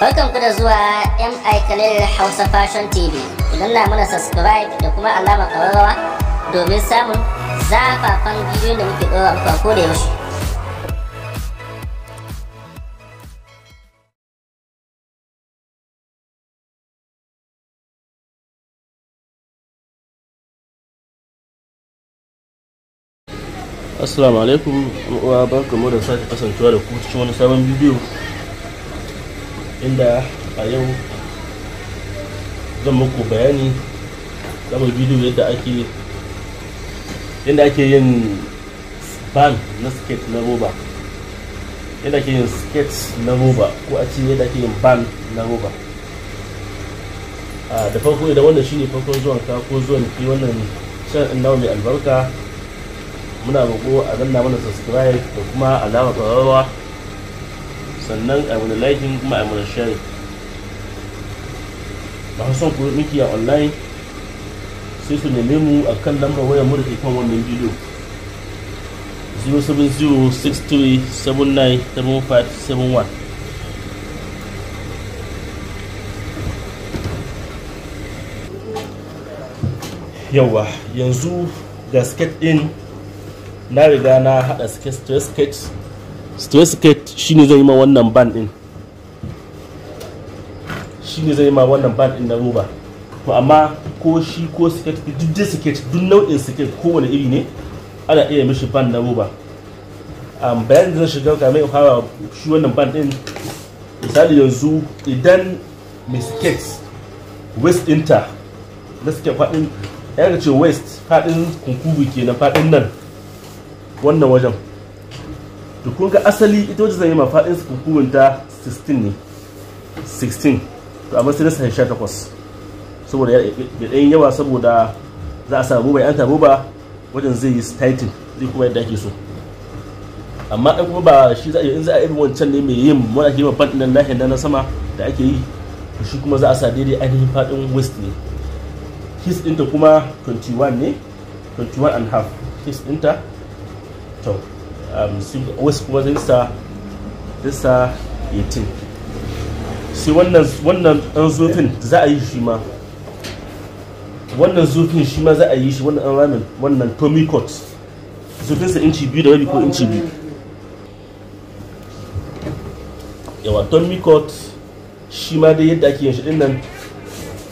Barkan ku da zuwa MI Kalil Hausa Fashion TV. Idan na muna subscribe da kuma alamar ƙararrawa domin samun zafafan bidiyon da muke ɗora muku a koda yaushe. Assalamu alaikum, uwa barkamu da sake kasancewa da ku cikin wani sabon bidiyo inda a yau zan muku bayani zama bidiyo yadda ake yadda ake yin ban na skate na roba yadda ake yin skate na roba ko a ce yadda ake yin ban na roba ah, da farko idan wannan shine farkon zuwan ka ko zuwan ki wannan shan in mai albarka muna roƙo a danna mana subscribe da kuma alama ƙwararrawa sannan a wani laifin kuma a mana ba su son kuri miki a online sai su neme mu a kan lambar wayar mu da ke kan wannan bidiyo 07063797571 yawa yanzu da skate din na riga na haɗa skate straight skate ne zai ma wannan band din ne zai yi ma wannan band din na roba to amma ko shi ko skate duk dai skate duk nau'in skate kowane iri ne ana iya mishi band na roba um, bayan da zan shiga kamar fara shi wannan band din misali yanzu idan mai skate west inter na suke faɗin ya ce west faɗin kunkuru kenan faɗin nan wannan wajen to kun ga asali ita wajen zanyi mafaɗin su kukumin ta 16 ne 16 to amma sai na sahi 18 saboda ya ɗayin yawa saboda za a samu bai an tabo ba wajen zai yi titan zai kuma yadda ake so amma in kuma ba shi za a in za a irin wancan ne mai yin wanda ake mafan ɗin nan na sama da ake yi shi kuma za a sa daidai ainihin faɗin west ne his ɗinta kuma 21 ne 21 and half his ɗinta to Um, wasu kuma zai sa zai sa 18 sai wannan wannan ɗan zofin za a yi shi ma wannan zofin shi ma za a yi shi wannan an ramin wannan tommy court zofinsa inci biyu da rabi ko inci biyu yawa tommy court shi ma dai yadda ake yin shi dinnan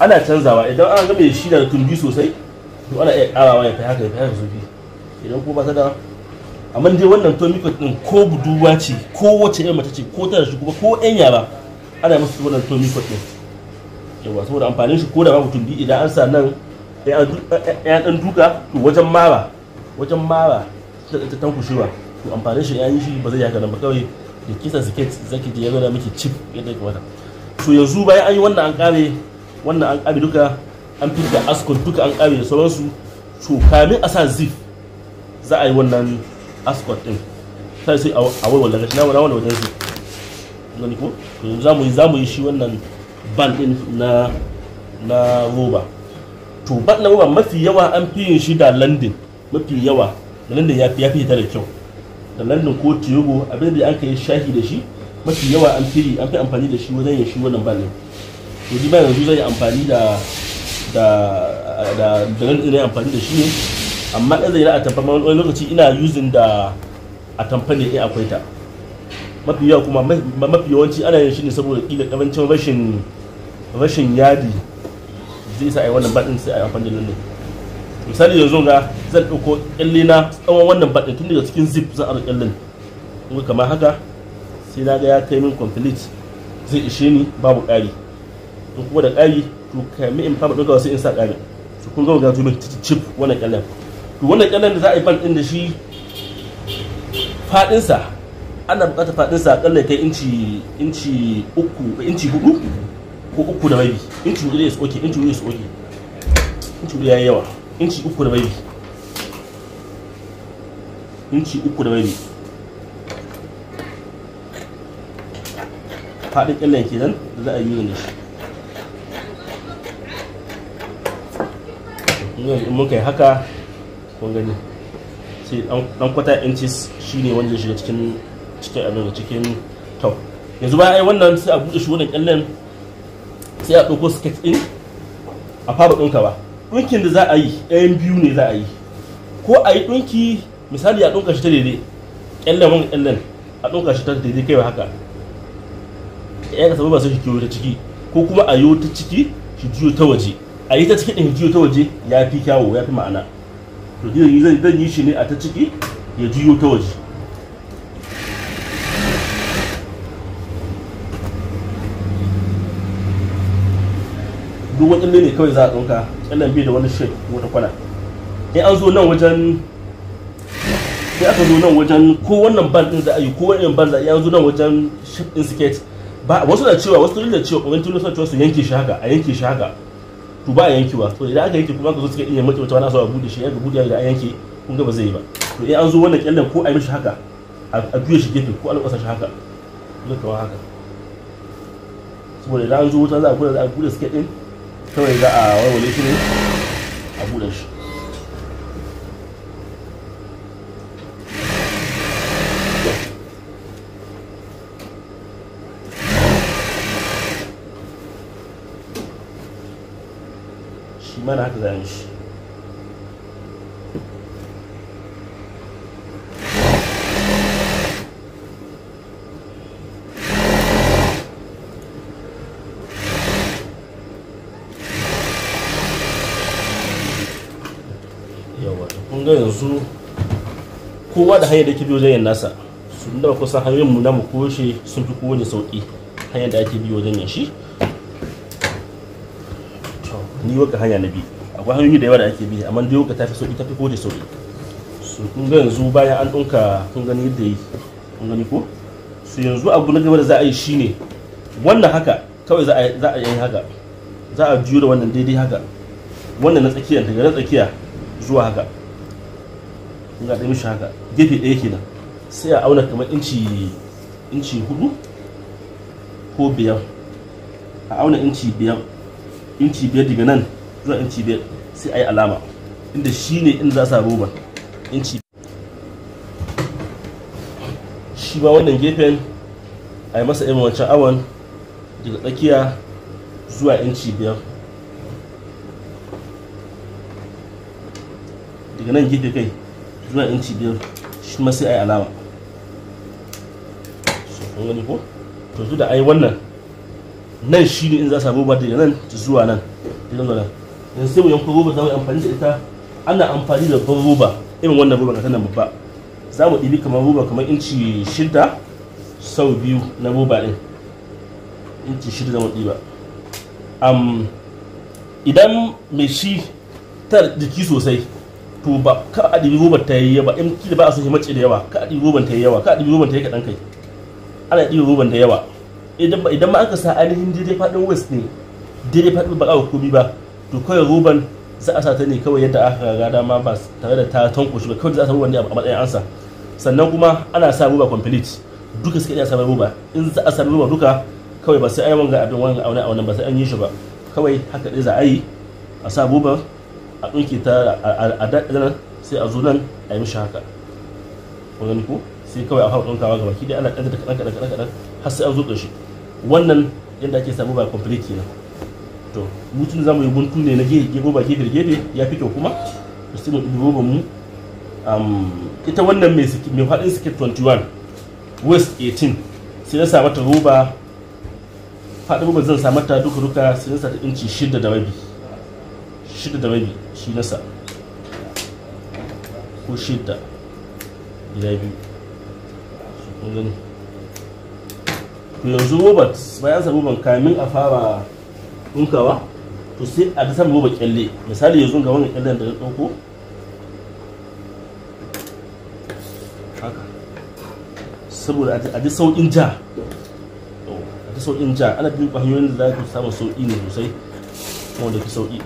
ana canzawa idan an game shi da tumbi sosai to ana iya karawa ya kai haka ya kai haka zofi idan ko ba ta da amma dai wannan miko din ko buduwa ce ko wace yan mace ce ko tana shi kuma ko yan yara ana musu wannan miko din yawa saboda amfanin shi ko da ba mutum bi idan an sa nan ya eh, eh, dan duka to wajen mara wajen mara ta tankushewa to amfanin shi yayin shi ba zai yaka nan ba kawai da kisa siket zaki je ya gwada miki chip yadda ya kamata to yanzu bayan an yi wannan an kare wannan an kare duka an fitar da askon duka an kare da sauransu to kamin a sa zip za a yi wannan ascot din sai sai a walwala shi na wani wajen su gani ko mu yi zamu yi shi wannan ban din na na roba to band na roba mafi yawa an fi yin shi da landin mafi yawa da ya fi ya ta da kyau da landin ko tiyogo abin da aka yi shahi da shi mafi yawa an fi an fi amfani da shi wajen yin shi wannan band din to ji ba yanzu zai amfani da da da da da da amfani da shi ne amma ɗan zai a tamfa wani lokaci ina yuzin da a tamfa ne in akwai ta mafi yawa kuma mafi yawanci ana yin shi ne saboda ƙila ɗabancin rashin rashin yadi zai sa a yi wannan baɗin sai a yi amfani da ne. misali yanzu ga zan ɗauko ƙyalle na tsawon wannan baɗin tun daga cikin zip zan aro ƙyallen kuma kamar haka sai na ga ya kai min complete zai ishe ni babu ƙari in kuma da ƙari to kami in fama ɗauka wasu in sa ƙari su kun gama ga jumin chip wannan ƙyallen to wannan kyalan da za a yi band din da shi fadinsa ana bukatar fadinsa akalla kai inci inci uku inci hudu ko uku da rabi inci hudu ya soke inci hudu ya soke inci hudu ya yi yawa inci uku da rabi inci uku da rabi faɗin kyallen kenan da za a yi ne shi in muka yi haka kun gani sai dan kwata inches shine wanda ya shiga cikin cikin abin da cikin to yanzu bayan ai wannan sai a buɗe shi wannan kyallen sai a ɗauko skirt in a fara ɗinka ba ɗinkin da za a yi ɗayan biyu ne za a yi ko a yi ɗinki misali a ɗinka shi ta daidai kyallen wani kyallen a ɗinka shi ta daidai ba haka ya ka sabu ba su shi ta ciki ko kuma a yi ta ciki shi jiyo ta waje a yi ta ciki ɗin jiyo ta waje ya fi kyawo ya fi ma'ana to zai zai dan yi shi ne a ta ciki ya jiyo ta waje duk waɗanne ne kawai za a ɗauka tsallan bi da wani shape wata kwana in an zo nan wajen sai aka zo nan wajen ko wannan ban din za a yi ko wannan ban za a yi an zo nan wajen shape din siket ba wasu da cewa wasu da cewa ƙwamin tuni suna cewa su yanke shi haka a yanke shi haka to ba a yankewa to idan aka yanke kuma ka zo suka iya mace wata wani asawa bude shi yanka bude da an yanke kun ga ba zai yi ba to idan an zo wannan kyallan ko a yi mishi haka a juya shi gefe ko a lokasa shi haka lokawa haka saboda idan an zo wuta za a bude za a bude suke din kawai za a warware shi ne a bude shi mana haka za shi yanzu kowa da hanyar da ke biyo zayen nasa sun da kusan hanyar mu na mu koshe sun fi kowane sauki hanyar da ake biyo wajen shi ni waka hanya na bi akwai hanyoyi da yawa da ake bi amma dai waka tafi sauki tafi koje sauki su kun ga yanzu bayan an dunka kun gani yadda yi kun gani ko su yanzu abu na gaba da za a yi shine wannan haka kawai za a yi haka za a juyo da wannan daidai haka wannan na tsakiya daga na tsakiya zuwa haka kun ga dai mishi haka gefe ɗaya kenan sai a auna kamar inci inci hudu ko biyar a auna inci biyar inci biyar daga nan zuwa inci biyar sai a yi alama inda shi ne in za a sa roban inci shi ba wannan gefen a yi masa irin wancan awon daga tsakiya zuwa inci biyar daga nan gefe kai zuwa inci biyar shi ma sai a yi alama kan gani ko to da a yi wannan nan shi ne in za samu ba daga nan zuwa nan zuwa nan sai mu yanko roba za mu amfani da ita ana amfani da ban roba irin wannan roba ta nan babba za mu ɗibi kamar roba kamar inci shida sau biyu na roba ɗin inci shida za mu ɗiba idan mai shi ta jiki sosai to ba ka a ɗibi roba ta yi yawa in da ba a so shi mace da yawa ka a ɗibi roban ta yi yawa ka a ɗibi roban ta yi kaɗan kai ana ɗibi roban da yawa idan ma aka sa ainihin daidai faɗin west ne daidai faɗin ba ƙawa komi ba to kawai roban za a sa ta ne kawai yadda aka raga dama ba tare da ta tankoshi ba kawai za a sa roban ne a matsayin ansa sannan kuma ana sa roba complete duka suka iya sa roba in za a sa roba duka kawai ba sai an yi wanga abin wani a auna ba sai an yi shi ba kawai haka dai za a yi a sa roba a ɗauke ta a daɗin sai a zo nan a yi mishi haka kun gani ko sai kawai a hau ɗaukawa ga baki dai ana ɗan da kaɗan kaɗan kaɗan har sai an zo ƙarshe wannan yadda ake samu ba complete kenan to mutum zamu yi guntu ne na gefe ba gefe gefe ya fi kyau kuma da sai mu ɗubi ba mu ita wannan mai mai faɗin siket 21 west 18 sai na sa mata roba faɗin roba zan sa mata duka duka sai na sa ta inci 6 da rabi 6 da rabi shi na sa ko 6 da biyu su kun gani yanzu robert bayan sa robert kamin a fara dunkawa to sai a ta samun robert kyalle misali yanzu ga wani kyallen da ya ɗauko saboda a ji sauƙin ja a ji saukin ja ana bin hanyoyin da za ku samu sauƙi ne sosai wanda fi sauƙi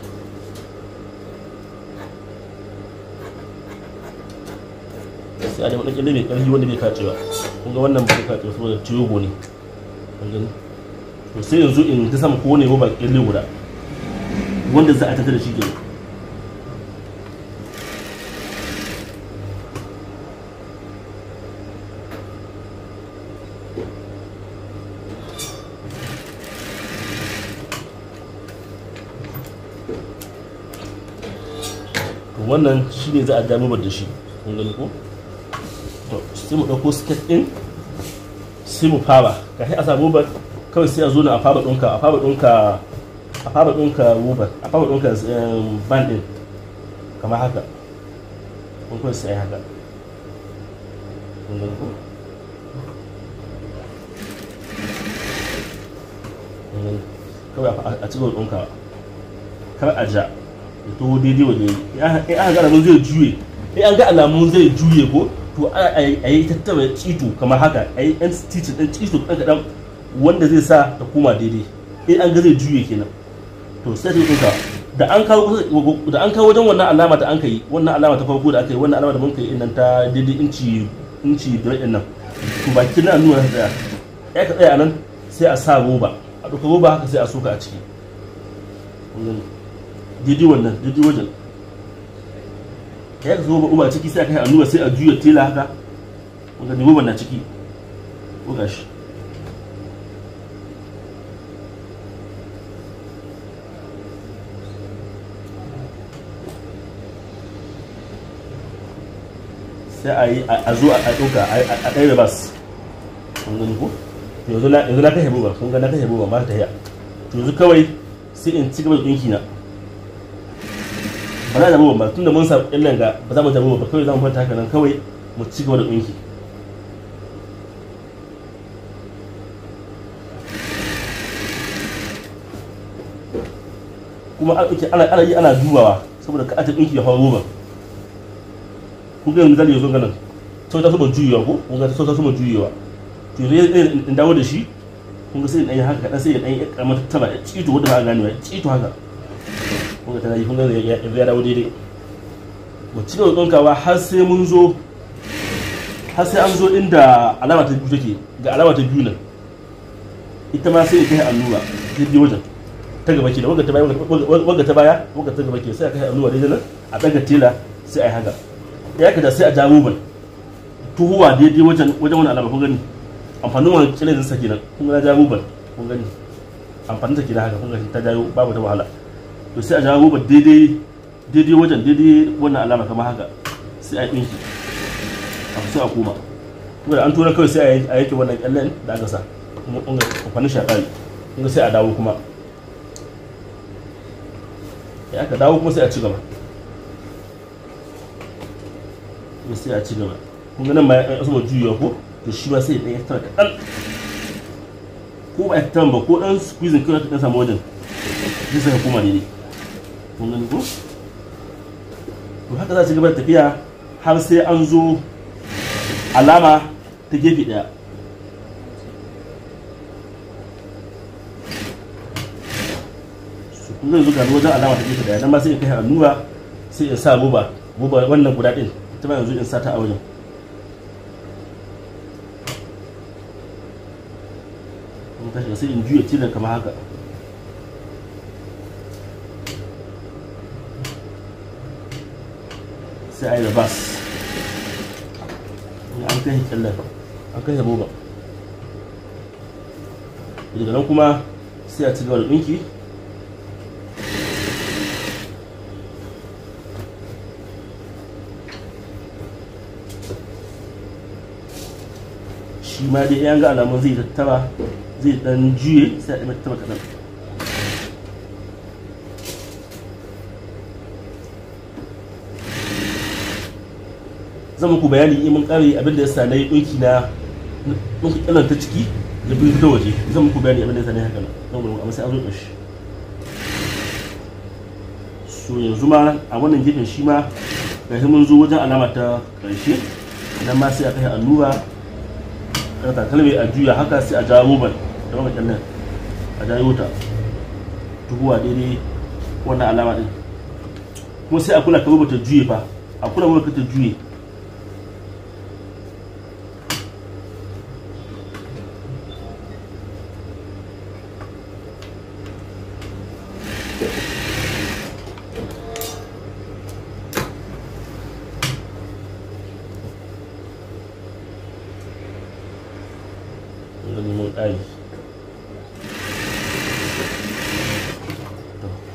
sai a da wani kyalle mai karfi wanda bai kacewa kun ga wannan bai kacewa saboda tiyogo ne to sai yanzu in ta sama ne roba kyalle guda wanda za a tattara shi kenan wannan shi ne za a damu da shi kun gani ko to sai mu ɗauko sket ɗin sai mu fara kafin a samu robar kawai sai a zo na a faba ɗinka a faba ɗinka a faba ɗinka robar a faba ɗinka eh, ban ɗin kamar haka kun kawai sai haka kawai a cikin ɗinka kar a ja ya to daidai wa ya ga alamun zai juye in an ga alamun zai juye ko to a yi tattara cito kamar haka a yi yan cito ɗan cito ɗan kaɗan wanda zai sa ta koma daidai in an ga zai juye kenan to sai ta tunka da an kawo da an kawo wajen wannan alama da an kai wannan alama ta farko da aka yi wannan alama da mun kai nan ta daidai inci inci da ɗin nan to bakin nan nuna tsaya ya ka tsaya a nan sai a sa roba a ɗauka roba haka sai a soka a ciki daidai wannan daidai wajen ya ka ba uba ciki sai a kai sai a juya tela haka ko gashi a zo a ɗauka a ɗaya da bas kun gani yanzu na kashe yi kun na buba ba ta a yanzu kawai sai in ci gaba da ɗinki na ba za a zama ba tunda mun samu illan ga ba za mu zama ba kawai za mu kwanta haka nan kawai mu ci gaba da ɗinki kuma ana ana yi ana dubawa saboda ka ta ɗinki ya hawa roba kun ga misali yanzu ganin sau ta suma juyewa ko kun ga sau ta suma juyewa to yanzu in dawo da shi kun ga sai in yi haka kaɗan sai in ɗan yi ƙaramar taba cito wadda ba a ganewa cito haka kun tana yi ga ya ya dawo daidai mu ci gaba ɗinkawa har sai mun zo har sai an zo inda alama ta biyu take ga alama ta biyu nan ita ma sai ta yi allura ta biyu wajen ta gaba kenan wanda ta baya wanda ta baya wanda ta gaba ke sai a kai allura daidai nan a ɗaga tela sai a yi haka ya kada sai a ja ba tuhuwa daidai wajen wajen wani alama kun gani amfanin wani kilin sa kenan kun ga ja ruban kun gani amfanin ta kenan haka kun gani ta jayo babu ta wahala to sai a jawo ba daidai daidai wajen daidai wannan alama kamar haka sai a yi ɗinki a sai a koma kuma da an tura kawai sai a yake wannan ƙyallen da aka sa kwanin shakari kuma sai a dawo kuma ya aka dawo kuma sai a ci gaba sai a ci gaba kun ganin ma ya saboda juyewa ko to shi ma sai ya tara kaɗan ko ba ya ba ko ɗan squeezing kawai ta samu wajen zai sai kuma ne ne kun gani ko to haka za su gaba da tafiya har sai an zo alama ta gefe daya su zai zuga zan alama ta gefe daya nan ba sai in kai annura sai in sa buba buba wannan guda ɗin ta ba yanzu in sa ta a wajen sai in juya tilan kamar haka sai a yi rabas an kai kyallar an kashe boba daga nan kuma sai a ci gaba da ɗinki shi ma dai yan ga alamun zai tattaba zai dan juye sai a ɗan tattaba kaɗan zan muku bayani in mun kare abin da na yi doki na mun kalan ta ciki da biyu ta waje zan muku bayani abin da ya na yi haka nan mun amma sai an zo kashi so yanzu ma a wannan gefen shi ma shi mun zo wajen alama ta karshe idan ma sai a kai allura da takalmi a juya haka sai a jawo roban da wani kallon a jawo ta tuhuwa daidai wannan alama din kuma sai a kula ka rubuta juye fa a kula roba ta juye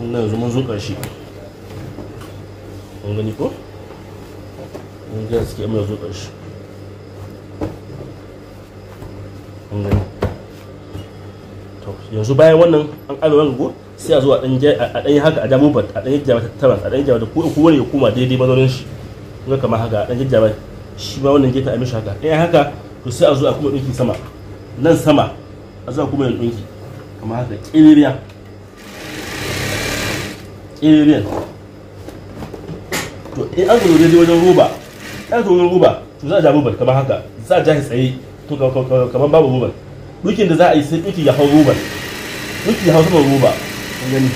na yanzu mun zuƙa shi mun gani ko mun ga suke mai zuƙa shi mun gani to yanzu bayan wannan an ƙara wani go sai a zo a ɗan yi haka a damu ba a ɗan yi jama tattaran a ɗan yi jama da kowane ya koma daidai mazaunin shi kun ga kamar haka a ɗan jajjama shi ma wannan gefe a mishi haka ɗaya haka to sai a zo a kuma ɗinki sama nan sama a zo a kuma yin ɗinki kamar haka ƙiririya ƙerin to in an daidai wajen roba an zo wajen roba to za a ja robar kamar haka za a ja shi tsaye to kamar babu robar dukin da za a yi sai ya hau roba duki ya hau saman roba kun gani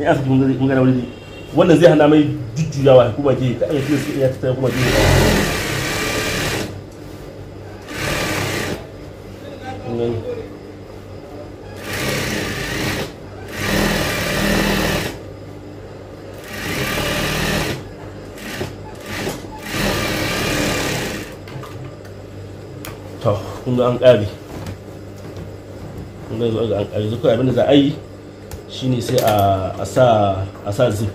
in an saki mun gani wani wannan zai hana mai jujjuyawa kuma ke kuma ke to kun ga an ƙare kun ga yanzu an ƙare yanzu abin za a yi shine sai a sa a sa zip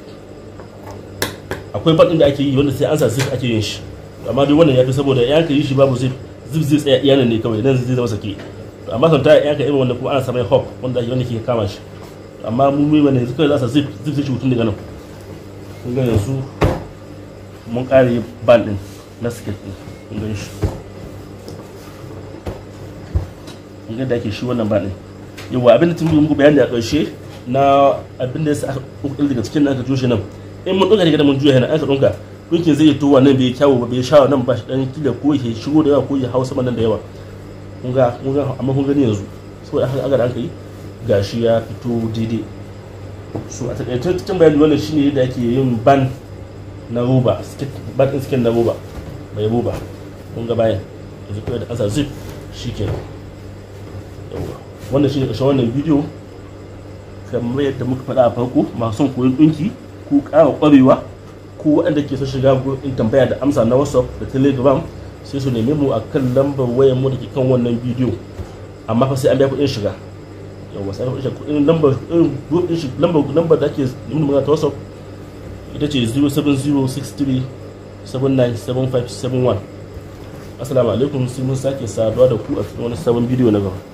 akwai baɗin da ake yi wanda sai an sa zip ake yin shi amma duk wannan ya fi saboda ya ka yi shi babu zip zip zai tsaya iyanan ne kawai nan zai zama sake amma son ta ya ka irin wannan kuma ana samai hop wanda wanda ke kama shi amma mu mai wannan yanzu kawai za sa zip zip sai hutun daga nan kun ga yanzu mun kare ban din na siket din kun gan shi ga da ake shi wannan ba din yawa abin da tun muku bayani a ƙarshe na abin da aka kokari daga cikin da aka joshe nan in mun ɗauka daga mun juya hana aka ɗauka ɗinkin zai tuwa nan bai kyawu ba bai shawo nan ba shi ɗan kila ko ya shigo da yawa ko ya hau sama nan da yawa kun ga kun ga amma kun gani yanzu saboda haka aka da aka yi gashi ya fito daidai so a taƙaitar cikin bayani wannan shine da ake yin ban na roba ban ɗin skin na roba mai roba kun ga bayan yanzu kawai da ƙasa zip shi kenan wannan shi ne ƙarshen wannan bidiyo kamar yadda muka faɗa a farko masu son koyon ɗinki ku ƙara ƙwarewa ko waɗanda ke son shiga in tambaya da amsa na whatsapp da telegram sai su neme mu a kan lambar wayar mu da ke kan wannan bidiyo amma fa sai an biya kuɗin shiga yawa sai kuɗin shiga kuɗin lambar lambar lambar da ake nuna mana ta whatsapp ita ce 07063 797571 assalamu alaikum sai mun sake saduwa da ku a cikin wani sabon bidiyo na gaba